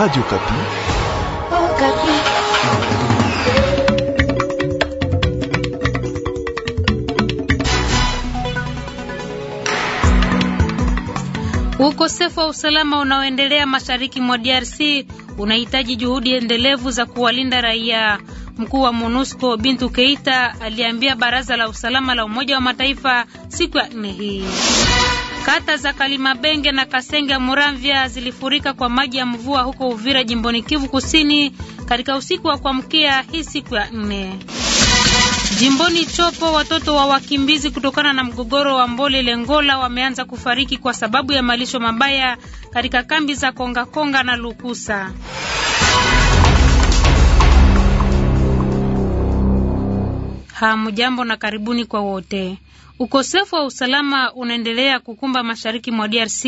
Radio Okapi. Oh, Ukosefu wa usalama unaoendelea mashariki mwa DRC unahitaji juhudi endelevu za kuwalinda raia. Mkuu wa MONUSCO Bintu Keita aliambia Baraza la Usalama la Umoja wa Mataifa siku ya nne hii. Kata za Kalimabenge na Kasenge Muramvya zilifurika kwa maji ya mvua huko Uvira jimboni Kivu Kusini katika usiku wa kuamkia hii siku ya nne. Jimboni Chopo watoto wa wakimbizi kutokana na mgogoro wa Mbole Lengola wameanza kufariki kwa sababu ya malisho mabaya katika kambi za Konga Konga na Lukusa. Hamjambo na karibuni kwa wote. Ukosefu wa usalama unaendelea kukumba mashariki mwa DRC.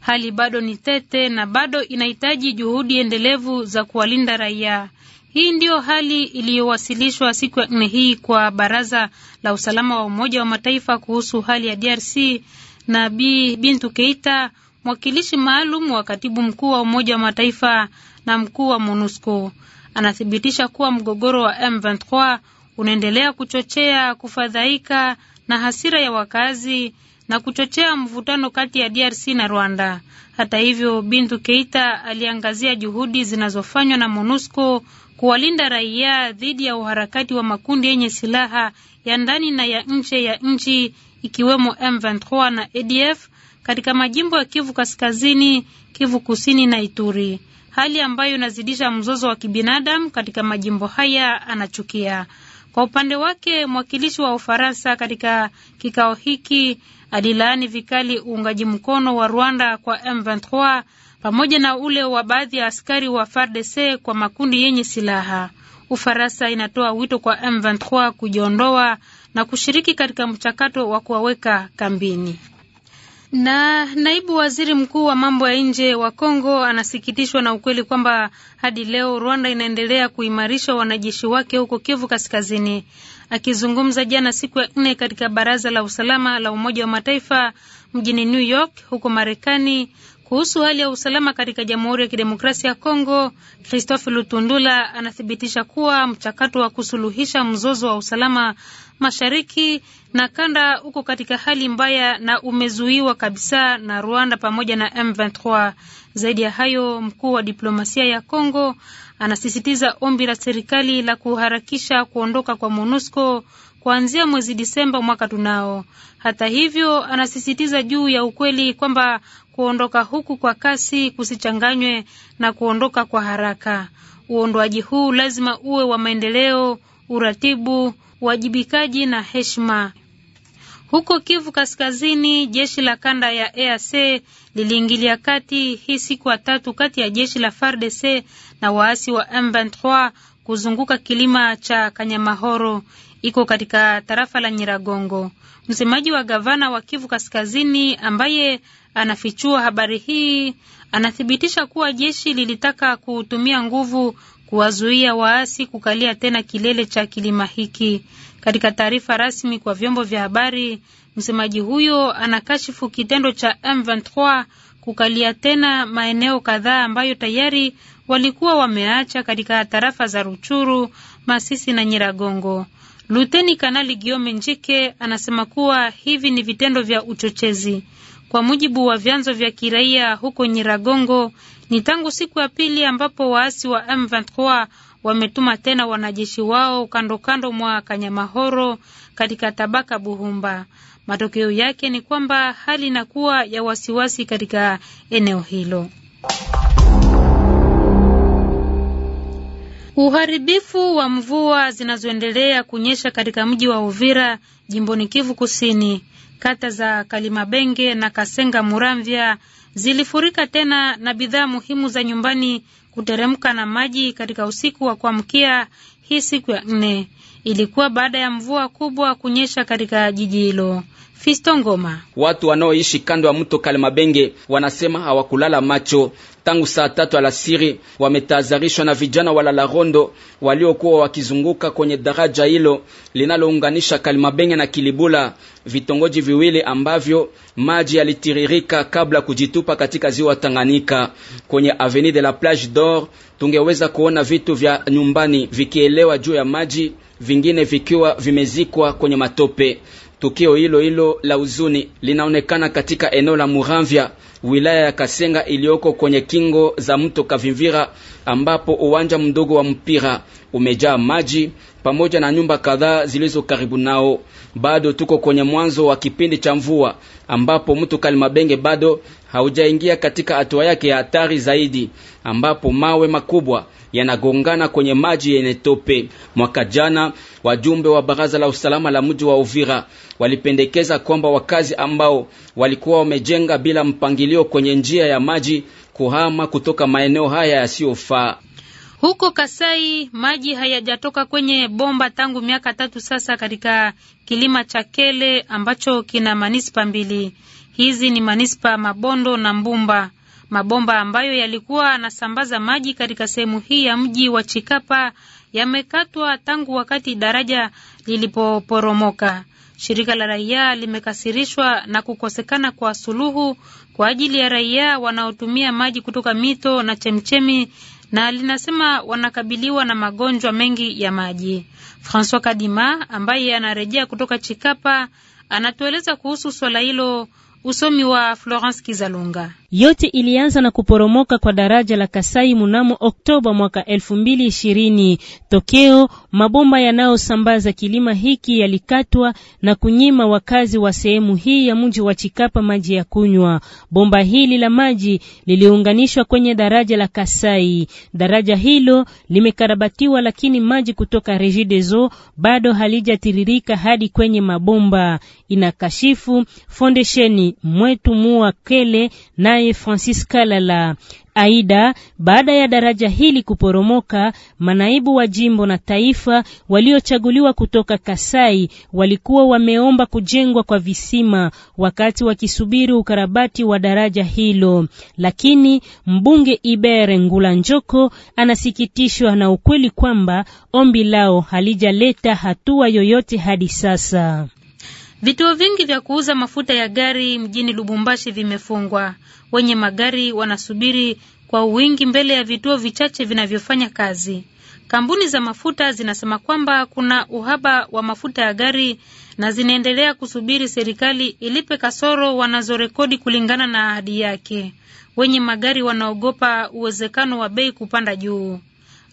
Hali bado ni tete na bado inahitaji juhudi endelevu za kuwalinda raia. Hii ndiyo hali iliyowasilishwa siku ya nne hii kwa Baraza la Usalama wa Umoja wa Mataifa kuhusu hali ya DRC na Bi Bintu Keita, mwakilishi maalum wa katibu mkuu wa Umoja wa Mataifa na mkuu wa MONUSCO, anathibitisha kuwa mgogoro wa M23 unaendelea kuchochea kufadhaika na hasira ya wakazi na kuchochea mvutano kati ya DRC na Rwanda. Hata hivyo, Bintu Keita aliangazia juhudi zinazofanywa na MONUSCO kuwalinda raia dhidi ya uharakati wa makundi yenye silaha ya ndani na ya nje ya nchi ikiwemo M23 na ADF katika majimbo ya Kivu Kaskazini, Kivu Kusini na Ituri, hali ambayo inazidisha mzozo wa kibinadamu katika majimbo haya, anachukia. Kwa upande wake mwakilishi wa Ufaransa katika kikao hiki alilaani vikali uungaji mkono wa Rwanda kwa M23 pamoja na ule wa baadhi ya askari wa FARDC kwa makundi yenye silaha. Ufaransa inatoa wito kwa M23 kujiondoa na kushiriki katika mchakato wa kuwaweka kambini. Na naibu waziri mkuu wa mambo ya nje wa Kongo anasikitishwa na ukweli kwamba hadi leo Rwanda inaendelea kuimarisha wanajeshi wake huko Kivu Kaskazini. Akizungumza jana siku ya nne katika baraza la usalama la Umoja wa Mataifa mjini New York huko Marekani, kuhusu hali ya usalama katika Jamhuri ya Kidemokrasia ya Kongo, Christophe Lutundula anathibitisha kuwa mchakato wa kusuluhisha mzozo wa usalama mashariki na kanda uko katika hali mbaya na umezuiwa kabisa na Rwanda pamoja na M23. Zaidi ya hayo, mkuu wa diplomasia ya Kongo anasisitiza ombi la serikali la kuharakisha kuondoka kwa MONUSCO kuanzia mwezi Disemba mwaka tunao. Hata hivyo, anasisitiza juu ya ukweli kwamba kuondoka huku kwa kasi kusichanganywe na kuondoka kwa haraka. Uondoaji huu lazima uwe wa maendeleo, uratibu, uwajibikaji na heshima. Huko Kivu Kaskazini, jeshi la kanda ya EAC liliingilia kati hii siku ya tatu kati ya jeshi la FARDC na waasi wa M23 kuzunguka kilima cha Kanyamahoro iko katika tarafa la Nyiragongo. Msemaji wa gavana wa Kivu Kaskazini ambaye anafichua habari hii anathibitisha kuwa jeshi lilitaka kutumia nguvu kuwazuia waasi kukalia tena kilele cha kilima hiki. Katika taarifa rasmi kwa vyombo vya habari, msemaji huyo anakashifu kitendo cha M23 kukalia tena maeneo kadhaa ambayo tayari walikuwa wameacha katika tarafa za Ruchuru, Masisi na Nyiragongo. Luteni Kanali Giome Njike anasema kuwa hivi ni vitendo vya uchochezi. Kwa mujibu wa vyanzo vya kiraia huko Nyiragongo, ni tangu siku ya pili ambapo waasi wa M23 wametuma tena wanajeshi wao kando kando mwa Kanyamahoro katika tabaka Buhumba. Matokeo yake ni kwamba hali inakuwa ya wasiwasi katika eneo hilo. Uharibifu wa mvua zinazoendelea kunyesha katika mji wa Uvira jimboni Kivu Kusini. Kata za Kalimabenge na Kasenga Muramvya zilifurika tena na bidhaa muhimu za nyumbani kuteremka na maji katika usiku wa kuamkia hii siku ya nne. Ilikuwa baada ya mvua kubwa kunyesha katika jiji hilo. Fisto Ngoma. Watu wanaoishi kando ya mto Kalemabenge wanasema hawakulala macho tangu saa tatu alasiri. wametazarishwa na vijana walala rondo waliokuwa wakizunguka kwenye daraja hilo linalounganisha Kalimabenge na Kilibula, vitongoji viwili ambavyo maji yalitiririka kabla kujitupa katika ziwa Tanganyika. Kwenye Avenue de la Plage d'Or tungeweza kuona vitu vya nyumbani vikielewa juu ya maji, vingine vikiwa vimezikwa kwenye matope. Tukio hilo hilo la huzuni linaonekana katika eneo la Muramvya, wilaya ya Kasenga iliyoko kwenye kingo za mto Kavimvira, ambapo uwanja mdogo wa mpira umejaa maji pamoja na nyumba kadhaa zilizo karibu nao. Bado tuko kwenye mwanzo wa kipindi cha mvua ambapo mto Kalimabenge bado haujaingia katika hatua yake ya hatari zaidi, ambapo mawe makubwa yanagongana kwenye maji yenye tope. Mwaka jana wajumbe wa baraza la usalama la mji wa Uvira walipendekeza kwamba wakazi ambao walikuwa wamejenga bila mpangilio kwenye njia ya maji kuhama kutoka maeneo haya yasiyofaa. Huko Kasai maji hayajatoka kwenye bomba tangu miaka tatu sasa katika kilima cha Kele ambacho kina manispa mbili. Hizi ni manispa Mabondo na Mbumba. Mabomba ambayo yalikuwa anasambaza maji katika sehemu hii ya mji wa Chikapa yamekatwa tangu wakati daraja lilipoporomoka. Shirika la raia limekasirishwa na kukosekana kwa suluhu kwa ajili ya raia wanaotumia maji kutoka mito na chemchemi na linasema wanakabiliwa na magonjwa mengi ya maji. Francois Kadima ambaye anarejea kutoka Chikapa anatueleza kuhusu swala hilo. Usomi wa Florence Kizalunga. Yote ilianza na kuporomoka kwa daraja la Kasai mnamo Oktoba mwaka 2020. Tokeo, mabomba yanayosambaza kilima hiki yalikatwa na kunyima wakazi wa sehemu hii ya mji wa Chikapa maji ya kunywa. Bomba hili la maji liliunganishwa kwenye daraja la Kasai. Daraja hilo limekarabatiwa, lakini maji kutoka Regideso bado halijatiririka hadi kwenye mabomba. Inakashifu foundation mwetu mua Kele naye Francis Kalala. Aida, baada ya daraja hili kuporomoka, manaibu wa jimbo na taifa waliochaguliwa kutoka Kasai walikuwa wameomba kujengwa kwa visima wakati wakisubiri ukarabati wa daraja hilo, lakini mbunge Ibere Ngula Njoko anasikitishwa na ukweli kwamba ombi lao halijaleta hatua yoyote hadi sasa. Vituo vingi vya kuuza mafuta ya gari mjini Lubumbashi vimefungwa. Wenye magari wanasubiri kwa wingi mbele ya vituo vichache vinavyofanya kazi. Kampuni za mafuta zinasema kwamba kuna uhaba wa mafuta ya gari na zinaendelea kusubiri serikali ilipe kasoro wanazorekodi kulingana na ahadi yake. Wenye magari wanaogopa uwezekano wa bei kupanda juu.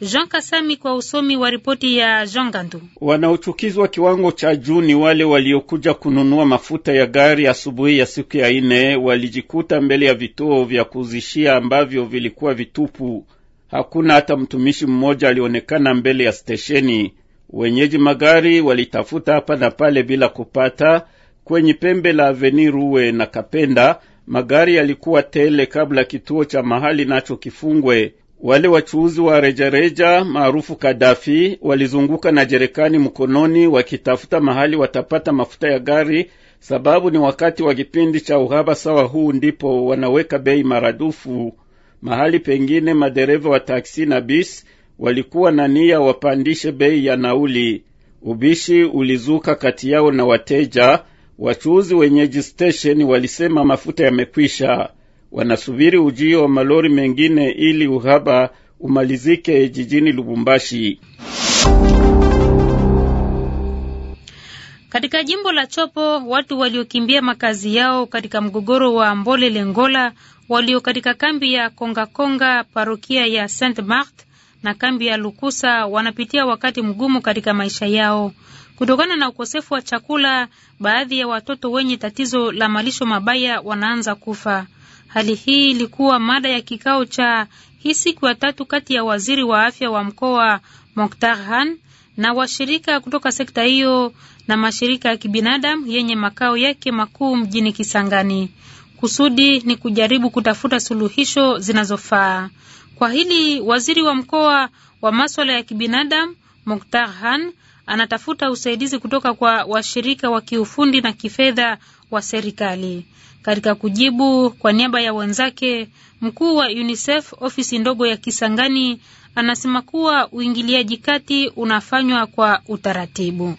Jean Kasami kwa usomi wa ripoti ya Jean Gandu. Wanaochukizwa kiwango cha juu ni wale waliokuja kununua mafuta ya gari asubuhi ya siku ya ine, walijikuta mbele ya vituo vya kuzishia ambavyo vilikuwa vitupu. Hakuna hata mtumishi mmoja alionekana mbele ya stesheni. Wenyeji magari walitafuta hapa na pale bila kupata. Kwenye pembe la avenir Ruwe na Kapenda magari yalikuwa tele kabla kituo cha mahali nacho kifungwe. Wale wachuuzi wa rejareja maarufu Kadafi walizunguka na jerekani mkononi wakitafuta mahali watapata mafuta ya gari, sababu ni wakati wa kipindi cha uhaba sawa huu, ndipo wanaweka bei maradufu. Mahali pengine madereva wa taksi na bis walikuwa na nia wapandishe bei ya nauli. Ubishi ulizuka kati yao na wateja. Wachuuzi wenyeji stesheni walisema mafuta yamekwisha wanasubiri ujio wa malori mengine ili uhaba umalizike jijini Lubumbashi. Katika jimbo la Chopo, watu waliokimbia makazi yao katika mgogoro wa Mbole Lengola walio katika kambi ya Kongakonga, parokia ya Saint Mart na kambi ya Lukusa wanapitia wakati mgumu katika maisha yao kutokana na ukosefu wa chakula. Baadhi ya watoto wenye tatizo la malisho mabaya wanaanza kufa. Hali hii ilikuwa mada ya kikao cha hii siku ya tatu kati ya waziri wa afya wa mkoa Mokhtar Han na washirika kutoka sekta hiyo na mashirika ya kibinadamu yenye makao yake makuu mjini Kisangani. Kusudi ni kujaribu kutafuta suluhisho zinazofaa. Kwa hili waziri wa mkoa wa maswala ya kibinadamu Mokhtar Han anatafuta usaidizi kutoka kwa washirika wa kiufundi na kifedha wa serikali. Katika kujibu kwa niaba ya wenzake, mkuu wa UNICEF ofisi ndogo ya Kisangani anasema kuwa uingiliaji kati unafanywa kwa utaratibu.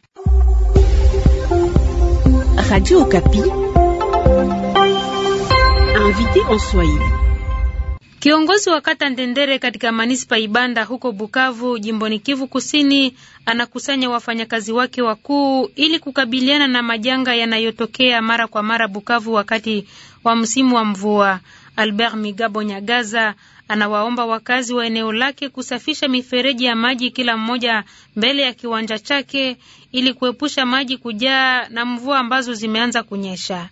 Radio Okapi, invité en Swahili. Kiongozi wa kata Ndendere katika manispa Ibanda huko Bukavu jimboni Kivu Kusini anakusanya wafanyakazi wake wakuu ili kukabiliana na majanga yanayotokea mara kwa mara Bukavu wakati wa msimu wa mvua. Albert Migabo Nyagaza anawaomba wakazi wa eneo lake kusafisha mifereji ya maji kila mmoja mbele ya kiwanja chake ili kuepusha maji kujaa na mvua ambazo zimeanza kunyesha.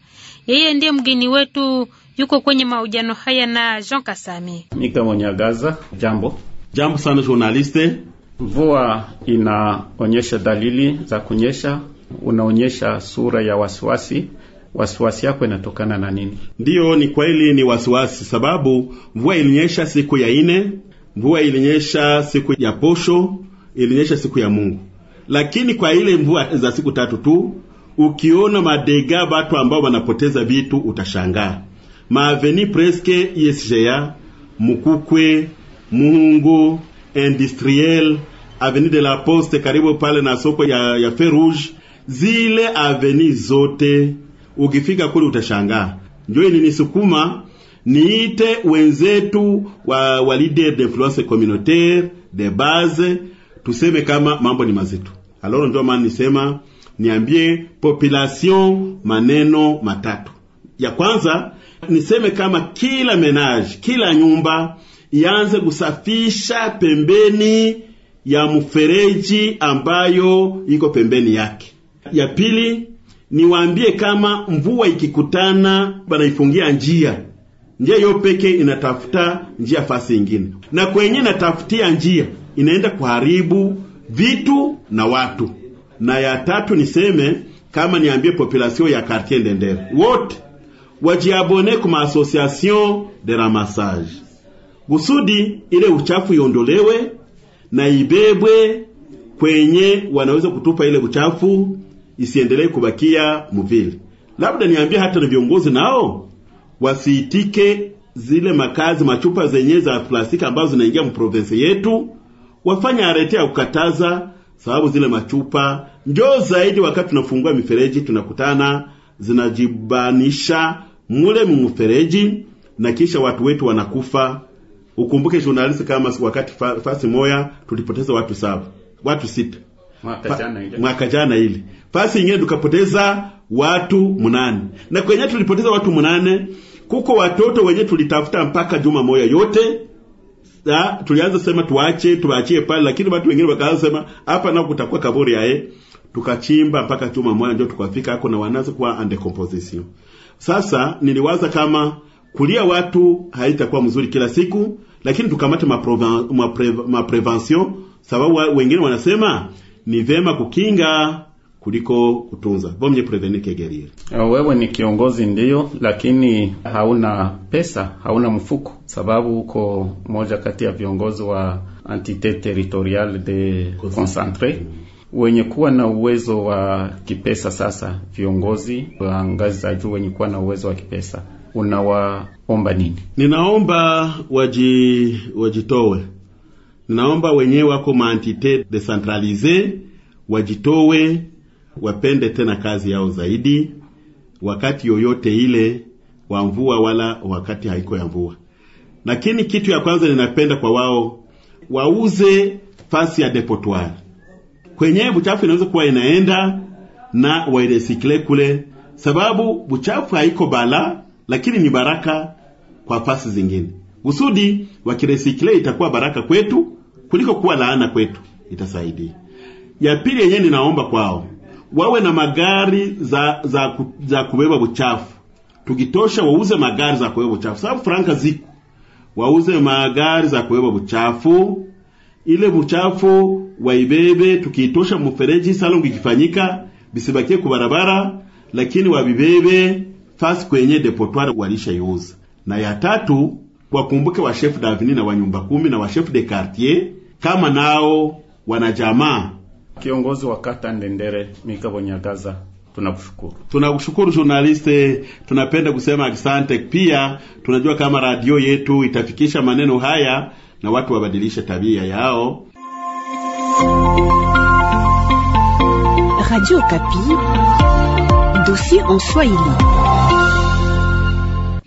Yeye ndiye mgeni wetu yuko kwenye mahojiano haya na Jean Kasami. Mika Mwenyagaza, jambo. Jambo sana journaliste. Mvua inaonyesha dalili za kunyesha, unaonyesha sura ya wasiwasi Wasiwasi yako inatokana na nini? Ndiyo, ni kweli ni wasiwasi, sababu mvua ilinyesha siku ya ine, mvua ilinyesha siku ya posho, ilinyesha siku ya Mungu, lakini kwa ile mvua za siku tatu tu, ukiona madega batu ambao wanapoteza vitu utashangaa maaveni preske ISGA Mukukwe Muhungu Industriel aveni de la Poste karibu pale na soko ya, ya Ferouge. Zile aveni zote ukifika kule utashangaa. Ndio nisukuma niite wenzetu wa, wa leader d'influence communautaire de base tuseme kama mambo ni mazito. Alors ndio maana nisema niambie population maneno matatu. Ya kwanza niseme kama kila menaji, kila nyumba ianze kusafisha pembeni ya mfereji ambayo iko pembeni yake. Ya pili, niwaambie kama mvua ikikutana banaifungia njia njia hiyo peke inatafuta njia fasi ingine, na kwenye inatafutia njia inaenda kuharibu vitu na watu. Na ya tatu niseme kama niambie populasio ya kartie Ndendere wote wajiabone ku association de ramassage gusudi ile uchafu iondolewe na ibebwe kwenye wanaweza kutupa ile uchafu isiendelee kubakia muvili Labda niambie hata na viongozi nao wasiitike zile makazi machupa zenye za plastiki ambazo zinaingia mprovensi yetu, wafanye arete ya kukataza, sababu zile machupa ndio zaidi. Wakati tunafungua mifereji tunakutana zinajibanisha mule mumufereji na kisha watu wetu wanakufa. Ukumbuke journalist, kama wakati fa, fasi moya tulipoteza watu saba, watu sita mwaka jana ile fasi ingine tukapoteza watu mnane na kwenye tulipoteza watu mnane kuko watoto wenye tulitafuta mpaka juma moya yote ah, tulianza sema tuache tuachie pale, lakini watu wengine wakaanza sema hapa nao kutakuwa kaburi yae eh tukachimba mpaka chuma moja ndio tukafika hako na wanaanza kuwa under composition. Sasa niliwaza kama kulia watu haitakuwa mzuri kila siku, lakini tukamate ma prevention, sababu wengine wanasema ni vema kukinga kuliko kutunza. Vomye prevenir que guérir. Ah, wewe ni kiongozi ndiyo, lakini hauna pesa, hauna mfuko, sababu uko moja kati ya viongozi wa entité territoriale de concentré wenye kuwa na uwezo wa kipesa. Sasa viongozi wa ngazi za juu wenye kuwa na uwezo wa kipesa, unawaomba nini? Ninaomba waji wajitowe, ninaomba wenyewe wako maantite decentralize wajitowe, wapende tena kazi yao zaidi, wakati yoyote ile wa mvua wala wakati haiko ya mvua. Lakini kitu ya kwanza ninapenda kwa wao wauze fasi ya depotoire kwenye buchafu inaweza kuwa inaenda na wairesikile kule, sababu buchafu haiko bala, lakini ni baraka kwa fasi zingine. Usudi wa kiresikile itakuwa baraka kwetu kuliko kuwa laana kwetu, itasaidia. Ya pili yenyewe ninaomba kwao wawe na magari za za, ku, za kubeba buchafu, tukitosha wauze magari za kubeba buchafu, sababu franka ziko, wauze magari za kubeba buchafu ile buchafu waibebe, tukiitosha mufereji salongo ikifanyika bisibakie ku barabara, lakini wabibebe fasi kwenye depotoire walishaiuza. Na ya tatu wakumbuke wa chef davini na wa nyumba kumi na wa chef de quartier kama nao jamaa. Kiongozi wa kata Ndendere Mika Bonyagaza, tunakushukuru. Tunakushukuru journaliste, tunapenda kusema asante pia. Tunajua kama radio yetu itafikisha maneno haya na watu wabadilishe tabia yao. Radio Kapi, dossier en Swahili.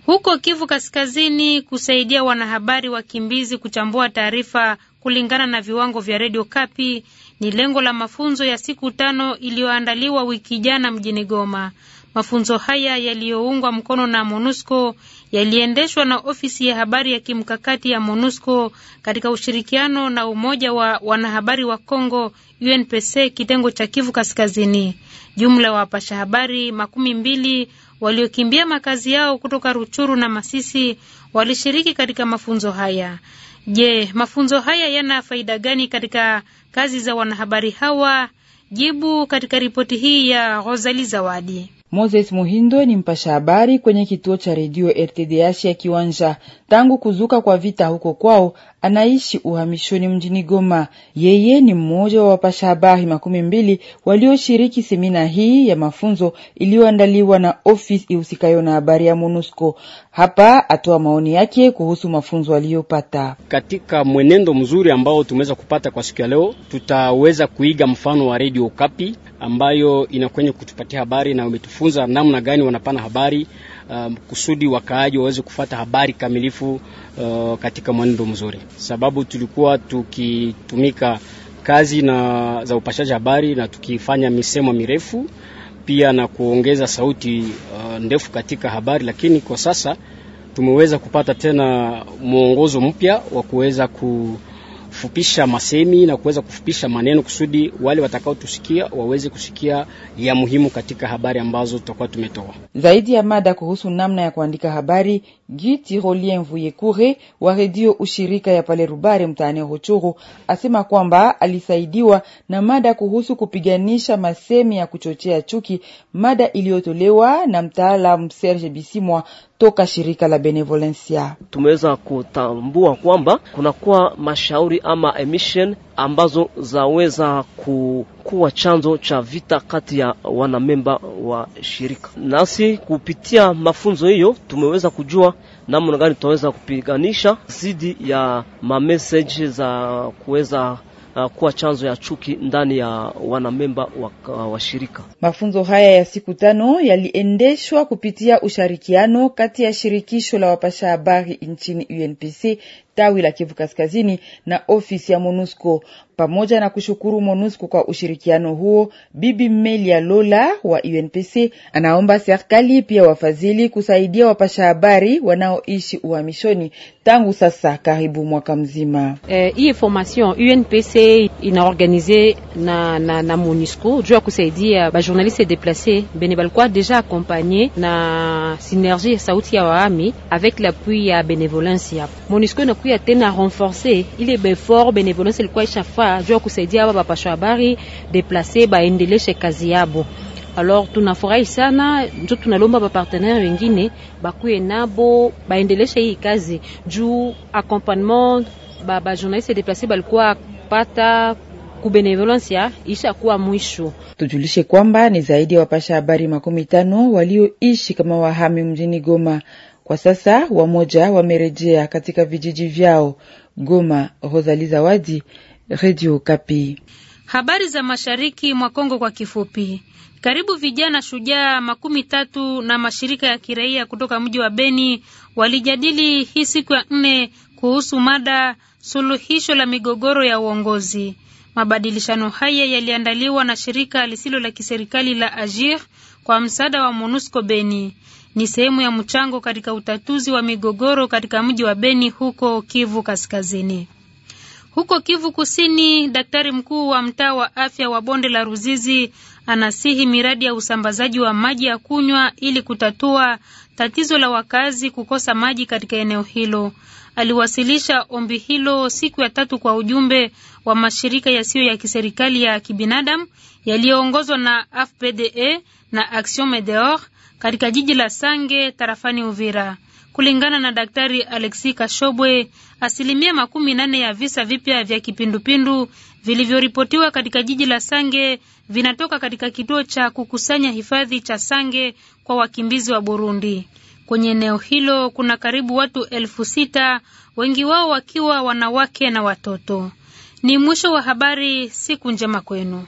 Huko Kivu Kaskazini, kusaidia wanahabari wakimbizi kuchambua taarifa kulingana na viwango vya Radio Kapi ni lengo la mafunzo ya siku tano iliyoandaliwa wiki jana mjini Goma. Mafunzo haya yaliyoungwa mkono na MONUSCO yaliendeshwa na ofisi ya habari ya kimkakati ya MONUSCO katika ushirikiano na umoja wa wanahabari wa congo UNPC kitengo cha Kivu Kaskazini. Jumla ya wapasha habari makumi mbili waliokimbia makazi yao kutoka Ruchuru na Masisi walishiriki katika mafunzo haya. Je, mafunzo haya yana faida gani katika kazi za wanahabari hawa? Jibu katika ripoti hii ya Rosali Zawadi. Moses Muhindo ni mpasha habari kwenye kituo cha redio RTDH ya Kiwanja. Tangu kuzuka kwa vita huko kwao, anaishi uhamishoni mjini Goma. Yeye ni mmoja wa wapasha habari makumi mbili walioshiriki semina hii ya mafunzo iliyoandaliwa na ofisi ihusikayo na habari ya MONUSCO. Hapa atoa maoni yake kuhusu mafunzo aliyopata. Katika mwenendo mzuri ambao tumeweza kupata kwa siku ya leo, tutaweza kuiga mfano wa Radio Kapi ambayo inakwenye kutupatia habari na umetufunza namna gani wanapana habari um, kusudi wakaaji waweze kufata habari kamilifu uh, katika mwenendo mzuri, sababu tulikuwa tukitumika kazi na za upashaji habari na tukifanya misemo mirefu pia na kuongeza sauti uh, ndefu katika habari, lakini kwa sasa tumeweza kupata tena mwongozo mpya wa kuweza ku kufupisha masemi na kuweza kufupisha maneno kusudi wale watakaotusikia waweze kusikia ya muhimu katika habari ambazo tutakuwa tumetoa. Zaidi ya mada kuhusu namna ya kuandika habari Guy Tirolien Vuyekure wa redio ushirika ya pale Rubare mtaani Hochuru asema kwamba alisaidiwa na mada kuhusu kupiganisha masemi ya kuchochea chuki, mada iliyotolewa na mtaalamu Serge Bisimwa toka shirika la Benevolencia. Tumeweza kutambua kwamba kunakuwa mashauri ama emission ambazo zaweza kuwa chanzo cha vita kati ya wanamemba wa shirika. Nasi kupitia mafunzo hiyo tumeweza kujua namna gani tunaweza kupiganisha zidi ya mameseji za kuweza uh, kuwa chanzo ya chuki ndani ya wanamemba wa, uh, wa shirika. Mafunzo haya ya siku tano yaliendeshwa kupitia ushirikiano kati ya shirikisho la wapasha habari nchini UNPC tawi la Kivu Kaskazini na ofisi ya MONUSCO. Pamoja na kushukuru MONUSCO kwa ushirikiano huo, Bibi Melia Lola wa UNPC anaomba serikali pia wafadhili kusaidia wapasha habari wanaoishi uhamishoni tangu sasa karibu mwaka mzima. Eh, formation UNPC inaorganize na, na, na MONUSCO juu ya kusaidia bajournaliste deplace bene balikuwa deja akompanye na synergie sauti ya waami avec l'appui ya benevolence yapo. MONUSCO inakuya tena renforce ile befort benevolence ilikuwa ishafa ajua kusaidia aba bapasha habari deplase baendeleshe kazi yabo. Alors tunafurahi sana njo tunalomba bapartenere wengine bakuye nabo baendeleshe hii kazi juu accompagnement ba bajournaliste deplase balikuwa pata kubenevolensia isha kuwa mwisho. Tujulishe kwamba ni zaidi ya wapasha habari makumi tano walioishi kama wahami mjini Goma. Kwa sasa wamoja wamerejea katika vijiji vyao. Goma, Rosali Zawadi, Radio Kapi. Habari za mashariki mwa Kongo kwa kifupi. Karibu vijana shujaa makumi tatu na mashirika ya kiraia kutoka mji wa Beni walijadili hii siku ya nne kuhusu mada suluhisho la migogoro ya uongozi. Mabadilishano haya yaliandaliwa na shirika lisilo la kiserikali la Agir kwa msaada wa MONUSCO Beni. Ni sehemu ya mchango katika utatuzi wa migogoro katika mji wa Beni huko Kivu Kaskazini. Huko Kivu Kusini, daktari mkuu wa mtaa wa afya wa bonde la Ruzizi anasihi miradi ya usambazaji wa maji ya kunywa ili kutatua tatizo la wakazi kukosa maji katika eneo hilo. Aliwasilisha ombi hilo siku ya tatu kwa ujumbe wa mashirika yasiyo ya kiserikali ya kibinadamu yaliyoongozwa na AFPDE na Action Medeor katika jiji la Sange tarafani Uvira. Kulingana na Daktari Alexi Kashobwe, asilimia makumi nane ya visa vipya vya kipindupindu vilivyoripotiwa katika jiji la Sange vinatoka katika kituo cha kukusanya hifadhi cha Sange kwa wakimbizi wa Burundi. Kwenye eneo hilo kuna karibu watu elfu sita, wengi wao wakiwa wanawake na watoto. Ni mwisho wa habari. Siku njema kwenu.